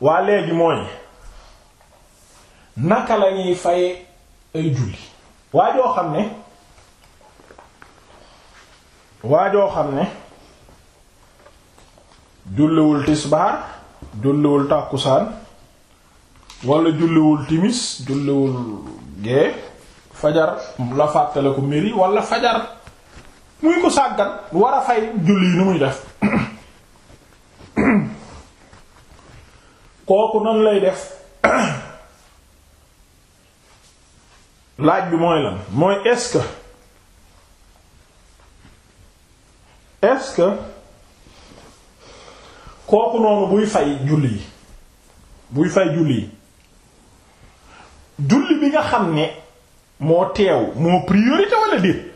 waa léegi mooy naka la ñuy faye ay julli waa joo xam ne waa joo xam ne julliwul tisbaar julliwul tàkkusaan wala julliwul timis julliwul gee fajar la fàttale ko mairie wala fajar muy ko sàggan war a fay julli yi nu muy def kooku nan lay def laaj bi mooy lan mooy est-ce kooku noonu buy fay julli buy fay julli yi julli bi nga xam ne moo teew moo priorité wala déet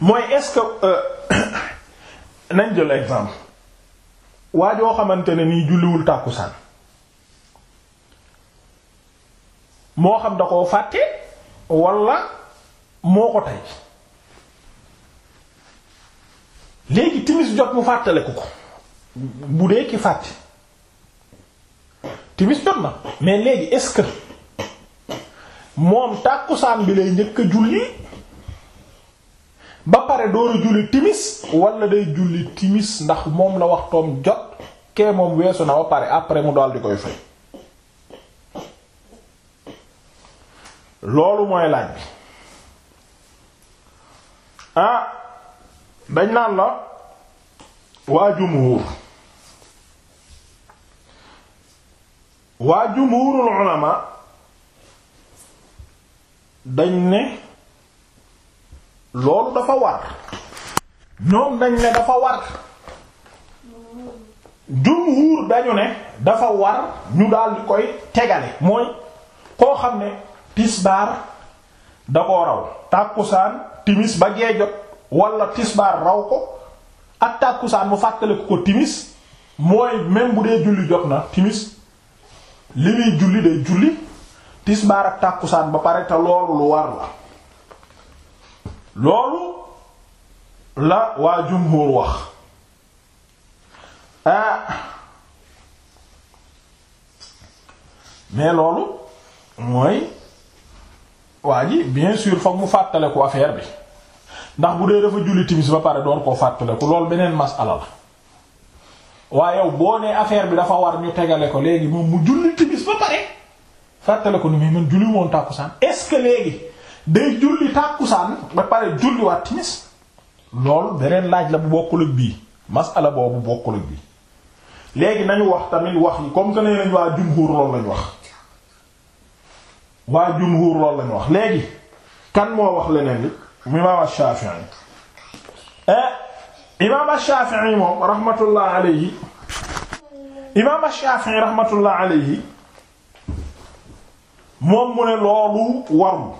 mooy est-ce que euh, nañ jël exemple waa joo xamante ne nii julliwul tàkkusaan moo xam da fàtte walla moo ko tey léegi timis jot mu fàttaliku ko bu dee ki fàtte timis jot na mais léegi est-ce que moom tàkkusaan bi lay njëkk a julli ba pare dooru julli timis walla day julli timis ndax moom la waxtoom jot kee weesu na ba pare après mu daal di koy fay loolu mooy laaj bi ah dañ naan la waa jumhur waa jumhurul ulama dañ ne loolu dafa war ñoom dañ ne dafa war jumhuur dañu ne dafa war ñu daal di koy tegale mooy koo xam ne tisbaar da koo raw tàkkusaan timis ba gee jot wala tisbaar raw ko ak tàkkusaan mu fàttaliku ko timis mooy même bu dee julli jot na timis li muy julli day julli tisbaar ak tàkkusaan ba pare te loolu lu war la loolu la waa jumhur wax ah mais loolu mooy waa ji bien sûr foog mu fàttale fàttaleku affaire bi ndax bu dee dafa julli timis ba pare door koo ku loolu beneen masala la waaye yow boo ne affaire bi dafa war ñu tegale ko léegi moom mu julli timis ba pare fàttaleku ni muy man julli woon tàkkusaan est léegi. day julli tàkkusaan ba pare julli waat timis loolu beneen laaj la bu bokkul ak bii masala boobu bokkul bii léegi nañu wax tamit wax yi comme que nee nañ waa jumhur loolu lañ wax waa jumhur loolu lañu wax léegi kan moo wax leneen li imaam Shafi'i eh imaam Shafi'i moom rahmatullah alayhi imaam Shafi'i rahmatullah alayhi moom mu ne loolu warul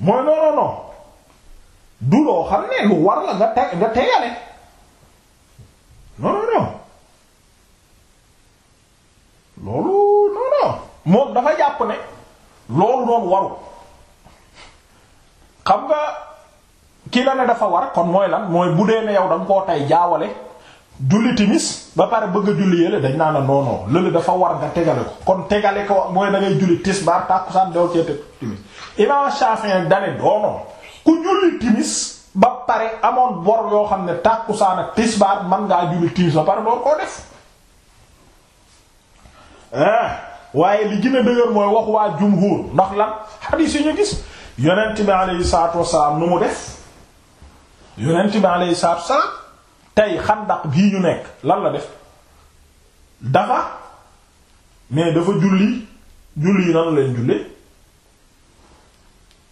mooy non non du loo xam ne lu war la nga te nga tegale non non loolu non moom dafa jàpp ne loolu noonu waru xam nga ki la ne dafa war kon mooy lan mooy bu dee ne yow da nga koo tey jaawale julli timis ba pare bëgg julli yële dañ naa la non non dafa war nga tegale ko kon tegale ko mooy da ngay julli tisbaar tàkkusaan doo cee teg timis imaam Shafi'i nag dane doonoon ku julli timis ba pare amoon bor yoo xam ne tàkkusaan ak tisbaar man ngaa julli timis ba pare door koo def waaye li gën a dëgër mooy wax waa jumhur ndax lan xadiis yi ñu gis yonent bi alayhi salaatu wasalaam nu mu def yonent bi alayhi salaatu wasalaam tey xandaq bii ñu nekk lan la def dafa mais dafa julli julli yi nan leen jullee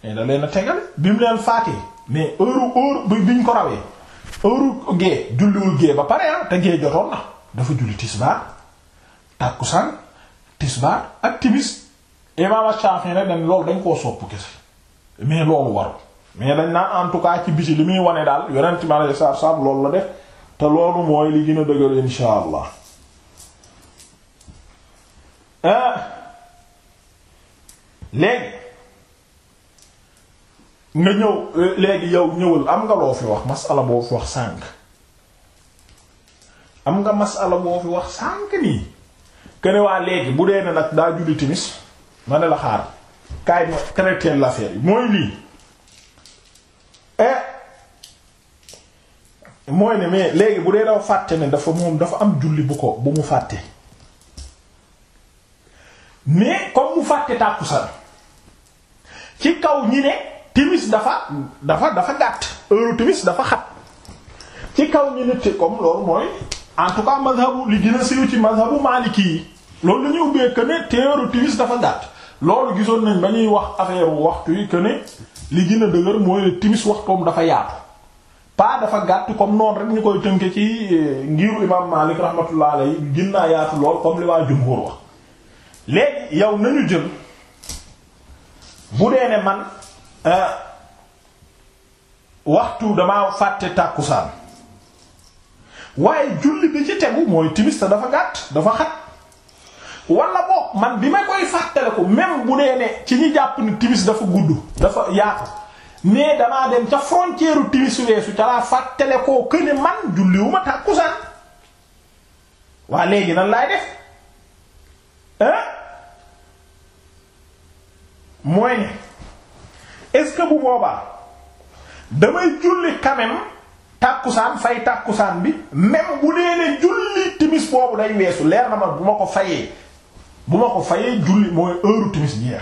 mais da leen a tegal bi mu leen faatee mais heure heure bi ñu ko rawee heure gée julliwul gée ba pare ah te gée jotoon na dafa julli tisbaar tàkkusaan tisbaar ak timis imaam Shafi'i nag dañ loolu dañ koo sopp kese mais loolu waru mais dañ naan en tout cas ci biti li muy wane daal yonent mi alayhi salaatu loolu la def te loolu mooy li gën dëgër insha allah ah. nga ñëw léegi yow ñëwal am nga loo fi wax masala boo fi wax sànq am nga masala boo fi wax sànq nii kene waa bu dee ne nag daa julli timis ma la xaar kaay ma traité yi mooy lii eh, mooy ne mais léegi bu dee daw fàtte ne dafa moom dafa am julli bu ko bu mu fàtte mais comme mu fàtte tàkkusaan ci kaw ñi ne timis dafa dafa dafa gàtt heure timis dafa xat ci kaw ñi ne te comme loolu mooy en tout cas mazhabu li gën a siiw ci mazhabu maliki loolu la ñuy ubbee que ne te heure timis dafa gàtt loolu gisoon nañ ba ñuy wax affaire waxtu yi que ne li gën a dëgër mooy timis waxtoom dafa yaatu. pas dafa gàtt comme noonu rek ñu koy tënke ci eh, ngiru imam Malik rahmatullah alayhi ginnaa yaatu lool comme li waa jumhur wax léegi yow nañu jël bu dee ne man eh, waxtu damaa fàtte tàkkusaan waaye julli bi ci tegu mooy timis dafa gàtt dafa xat wala boog man bi ma koy fàttaliku même bu dee ne ci ñi jàpp ni timis dafa gudd dafa yaatu mais damaa dem ca frontière u timisu weesu ca laa fàttale koo këne man julliwuma tàkkusaan waa léegi nan laay def hein mooy ne est-ce que bu boobaa damay julli quand même tàkkusaan fay tàkkusaan bi même bu dee ne julli timis boobu day weesu leer na ma bu ma ko fayee bu ma ko fayee julli mooy heure timis jeex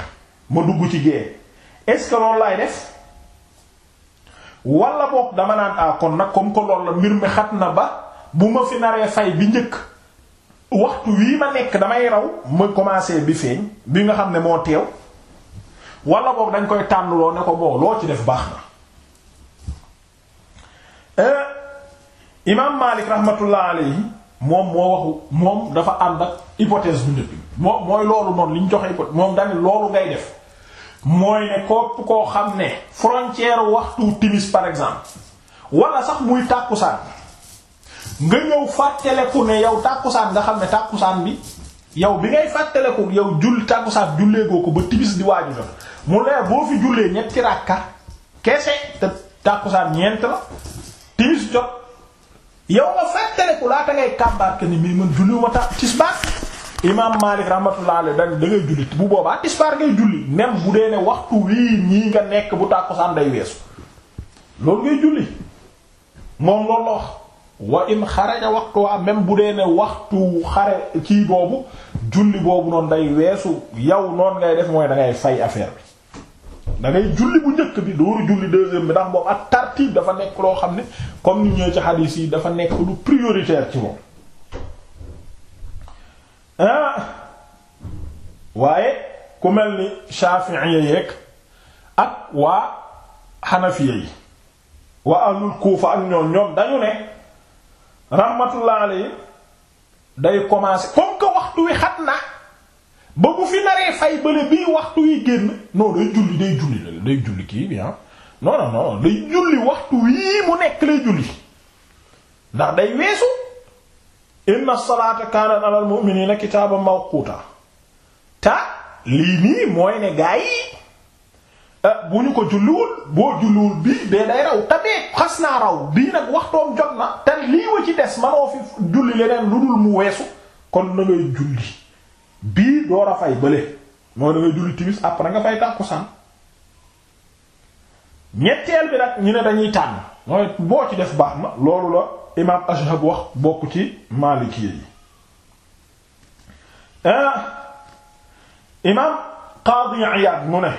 ma dugg ci gée est-ce que def wala boog dama naan ah kon nag comme que loolu la mbir mi xat na ba bu ma fi naree fay bi njëkk waxtu wii ma nekk damay raw ma commencé bi feeñ bi nga xam ne moo teew wala boog dañ koy tànn tànnloo ne ko boo loo ci def baax na euh, imaam Maalik rahmatullah alayhi moom moo waxu moom dafa ànd ak hypothèse bu njëkk moom mooy loolu noonu li ñu joxe hypothèse moom dañu loolu ngay def mooy ne kopp koo xam ne frontière waxtu timis par exemple walla sax muy tàkkusaan nga ñëw fàttaleku ne yow tàkkusaan nga xam ne tàkkusaan bi yow bi ngay fàttaleku yow jull tàkkusaan julleegoo ko ba timis di waaju jot mu leer boo fi jullee ñetti ràkka kese te tàkkusaan ñeent la timis jot yow nga fàttaleku laata ngay kàmbaar ke ni mii man julliwuma ta tis baat imaam Maalik rahmatullah alayhi da ngay julli bu boobaa tisbaar ngay julli même bu dee ne waxtu wii ñii nga nekk bu tàkkusaan day weesu loolu ngay julli moom loolu la wax wa in même bu dee ne waxtu xare kii boobu julli boobu noonu day weesu yow noon ngay def mooy da ngay fay affaire bi. da julli bu njëkk bi dooru julli deuxième bi ndax moom ak tartib dafa nekk loo xam ne comme ni ñëw ci xadiis yi dafa nekk lu prioritaire ci moom. Ah! waaye ku mel ni Shafi'iyya yeeg ak waa Hanafiyya yi waa ahlul Kufa ak ñoom ñoom dañu ne rahmatullah day commencer comme que waxtu wi xat na ba bu fi naree fay bële bii waxtu wi génn non day julli day julli day julli kii bi ah day julli waxtu wii mu nekk lay julli ndax day weesu. inna salaata kaanat alal mu'minina kitaaban mawquuta ta lii nii mooy ne gaa eh, bu ñu ko julliwul boo julliwul bii bee day raw te bee xas naa raw bii nag waxtoom jot na te lii wa ci des manoo fi julli leneen lu dul mu weesu kon na ngay julli bii door a fay bële moo da ngay julli timis après nga fay tàkkusaan ñetteel bi nag ñu ne dañuy tànn mooy boo ci def baax na loolu la imaam Ashhab wax bokk ci Maliki yi ah, imaam Qaadi Iyaad mu ne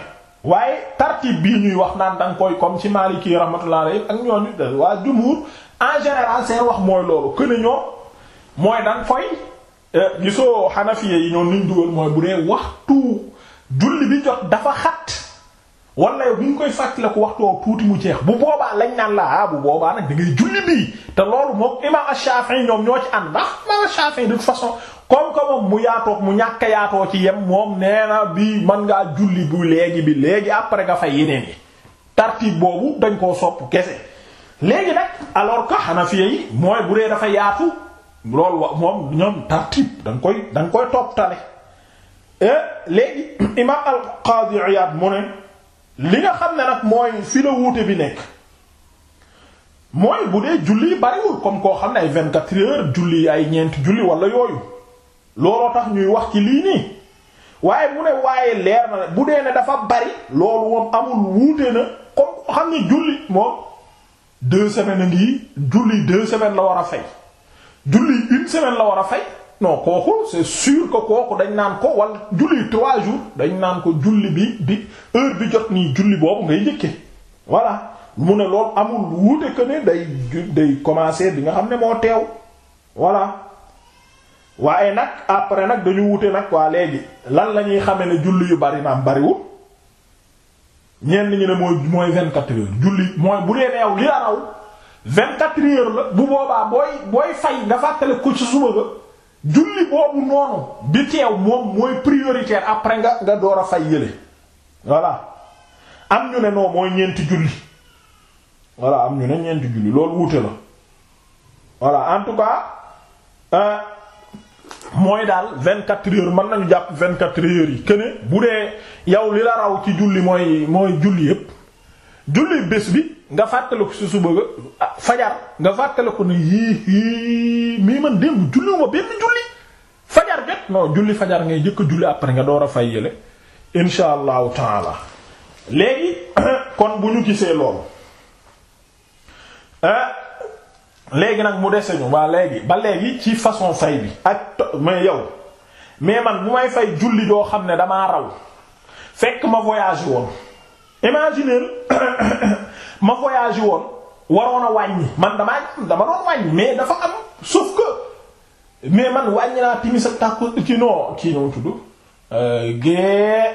waaye tartib bi ñuy wax naan da nga koy comme ci Maliki rahmatullah alayhi ak ñooñu de waa jumhur en général seen wax mooy loolu que ne mooy da nga eh, gisoo Hanafiya yi ñoom niñ dugal mooy bu dee waxtu julli bi jot dafa xat. wala yow bi ñu koy fàttaliku waxtu woo tuuti mu jeex bu boobaa lañ naan la ah bu boobaa nag da ngay julli nii te loolu moom imaam Shafi'i ñoom ñoo ci ànd ndax imaam Shafi'i de toute façon comme que moom mu yaatoog mu ñàkk yaatoo ci yem moom nee na bii mën ngaa julli bu léegi bi léegi après nga fay yeneen yi tartib boobu dañ koo sopp kese léegi nag alors que Hanafiya yi mooy bu dee dafa yaatu loolu moom ñoom tartib da nga koy da topp tale eh, léegi imaam al-Qadi li nga xam ne nag mooy fi la wuute bi nekk mooy bu dee julli bariwul comme koo xam ne ay vingt-quatre julli ay ñeenti julli wala yooyu looloo tax ñuy wax ci lii nii waaye mu ne waaye leer na bu dee ne dafa bari loolu moom amul wuute na comme koo xam ne julli moom deux semaines a ngi julli deux semaine la war a fay julli une semaine la war a fay non kooku c'est sûr que kooku dañ naan ko wala julli trois jours dañ naan ko julli bi bi heure bi jot nii julli boobu ngay njëkke voilà mu ne loolu amul wuute que ne day day commencer bi nga xam ne moo teew voilà waaye nag après nag dañu wuute nag waa léegi lan la ñuy xamee ne julli yu bari naam bariwul ñenn ñi ne mooy mooy vingt-quatre heures julli mooy bu dee neew li la raw vingt-quatre la bu boobaa booy booy fay nga fàttale ko ci suba ba julli boobu noonu bi teew moom mooy prioritaire après nga nga door a fay yële voilà am ñu ne non mooy ñeenti julli voilà am ñu ne ñeenti julli loolu wuute la voilà en tout cas euh, mooy daal vingt quatre heures mën nañu jàpp vingt quatre heures yi que bu dee yow li la raw ci julli mooy mooy julli yëpp julli bés bi nga fàttale ko si suba nga ah, fajar nga fàttaliku ne yii yii mii man démb julliwuma benn julli fajar jot non julli fajar ngay jëkk julli après nga door a fay yële insha allahu taala léegi kon bu ñu gisee loolu ah, léegi nag mu dese ñu waa léegi ba léegi ci façon fay bi ak mais yow mais man bu may fay julli doo xam ne damaa raw fekk ma voyage woon imaginer ma voyage woon waroon a wàññi man damaa dama doon wàññi mais dafa am sauf que mais man wàññi naa timis ak tàkku ci non kii noonu tudd euh, gée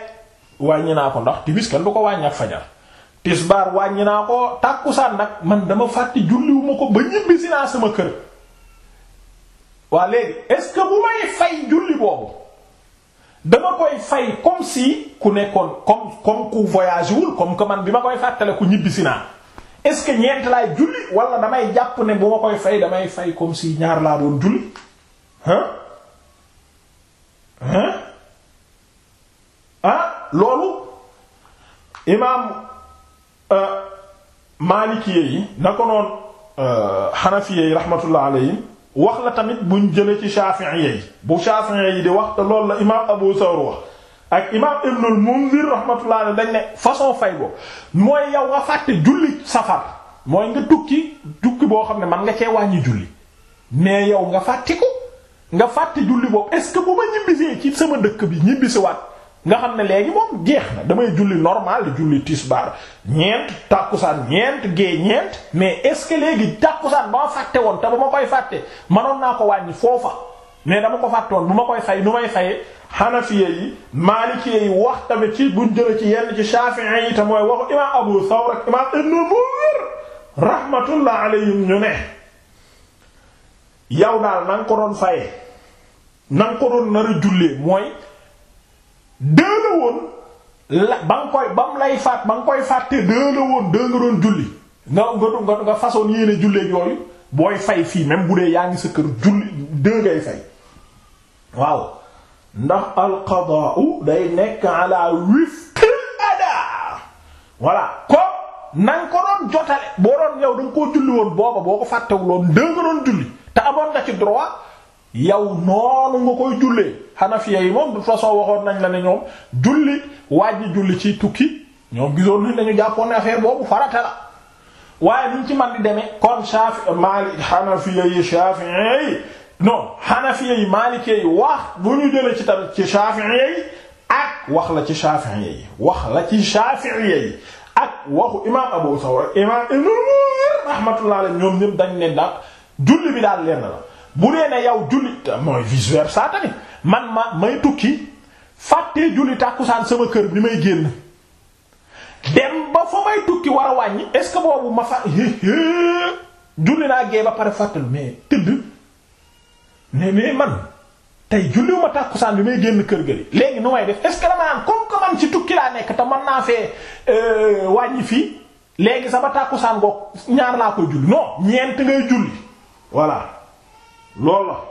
wàññi naa ko ndax timis kenn du ko wàññi ak fajar tisbaar wàññi naa ko tàkkusaan nag man dama fàtti julliwuma ko ba ñibbi naa sama kër waa léegi est-ce que bu may fay julli boobu dama koy fay comme si ku nekkoon comme comme ku voyagé comme que man bi ma koy fàttale ku ñibbisi naa est-ce que ñeent laay julli walla damay jàpp ne bu ma koy fay damay fay comme si ñaar laa doon julli hein hein ah loolu imaam euh, Maliki yi na ko noon euh, Hanafi yi rahmatullah alayhi wax la tamit buñ jëlee ci Shafi'i yi bu Shafi'i yi di wax te loolu la imaam Abu Thawr wax ak imaam Ibnul Munzir rahmatullah dañ ne façon fay boobu mooy yow nga fàtte julli safar mooy nga tukki tukki boo xam ne man nga cee wàññi julli mais yow nga fàtte ko nga fàtte julli boobu est ce que bu ma ñibbisee ci sama dëkk bi ñibbisiwaat nga xam ne léegi moom jeex na damay julli normal di julli tisbaar ñeent tàkkusaan ñeent gee ñeent mais est-ce que léegi tàkkusaan ba ma fàtte woon te ba ma koy fàtte manoon naa ko wàññi foofa mais dama ko fàtte woon bu ma koy fay nu may faye xanafiye yi maalikiyé yi wax tamit ci buñ jële ci yenn ci shafi'i yi te mooy waxu imam abu thawr ak imam ibn munzir rahmatullah alayhim ñu ne yow daal na nga ko doon faye na ko doon nar a jullee mooy deux la woon la ba nga koy ba mu lay faat ba nga koy fàtte deux la woon deux nga doon julli nga nga nga façon yéene julleeg yooyu booy fay fii même bu dee yaa ngi sa kër julli deux ngay fay waaw ndax alqadaau day ko na ko doon jotale boo doon yow da koo julli woon booba boo ko fàttewuloon deux nga doon julli te amoon nga ci droit yow noonu nga koy jullee xanafiya yi moom de façon waxoon nañ la ne ñoom julli waaj julli ci tukki ñoom gisoon nañ dañu jàppoon ne affaire boobu farata la waaye niñ ci man di demee kon Shafi Maalik xanafiya yi Shafi'i yi non xanafiya yi Maalikee yi wax bu ñu jëlee ci tamit ci Shafi'i yi ak wax la ci Shafi'i yi wax la ci Shafi'i ak waxu imaam Abu Thawr imaam Ibn Munzir rahmatullah alayhi ñoom ñëpp dañ ne ndax julli bi daal lenn la. bu dee ne yow julli mooy vice versa tamit man ma may tukki fàttee julli tàkkusaan sama kër bi may génn dem ba fa may tukki war a wàññi est boobu ma fa julli naa gee ba pare fàttalu mais tëdd ne mais man tey julliwuma tàkkusaan bi may génn kër ga léegi nu may def est ce que dama naan comme ci tukki laa nekk te man naa fee euh, wàññi fii léegi sama tàkkusaan bokk ñaar laa koy julli non ñeent ngay julli voilà. loolu la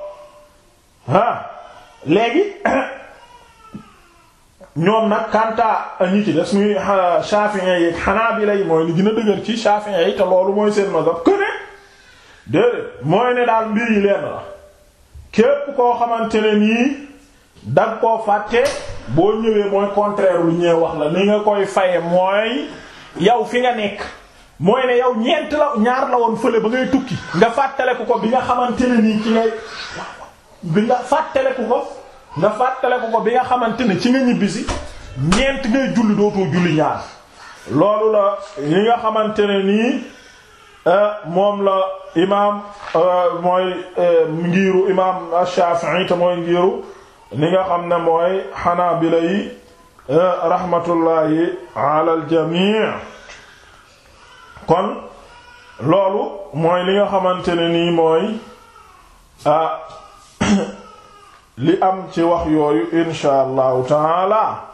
ah léegi ñoom nag kanta ñi ci des muy Shafi'i yi Hanabila yi mooy li gën dëgër ci Shafi'i yi te loolu mooy seen mazhab que ne déedéet mooy ne daal mbir yi leen la képp koo xamante ne nii danga koo fàtte boo ñëwee mooy contraire lu ñee wax la ni nga koy faye mooy yow fi nga nekk mooy ne yow ñeent la ñaar la woon fële ba ngay tukki nga fàttaleku ko bi nga xamante ne nii ci ngay bi nga fàttaleku ko nga fàttaleku ko bi nga xamante ni ci nga ñibbisi ñeent ngay julli dootoo julli ñaar loolu la yi nga xamante ne nii euh, moom la imaam euh, mooy euh, ngiiru imaam Shafi'i te mooy ngiiru li nga xam ne mooy Hanabila yi rahmatullahi ala al kon loolu mooy li nga xamante ne nii mooy li am ci wax yooyu insha allahu taala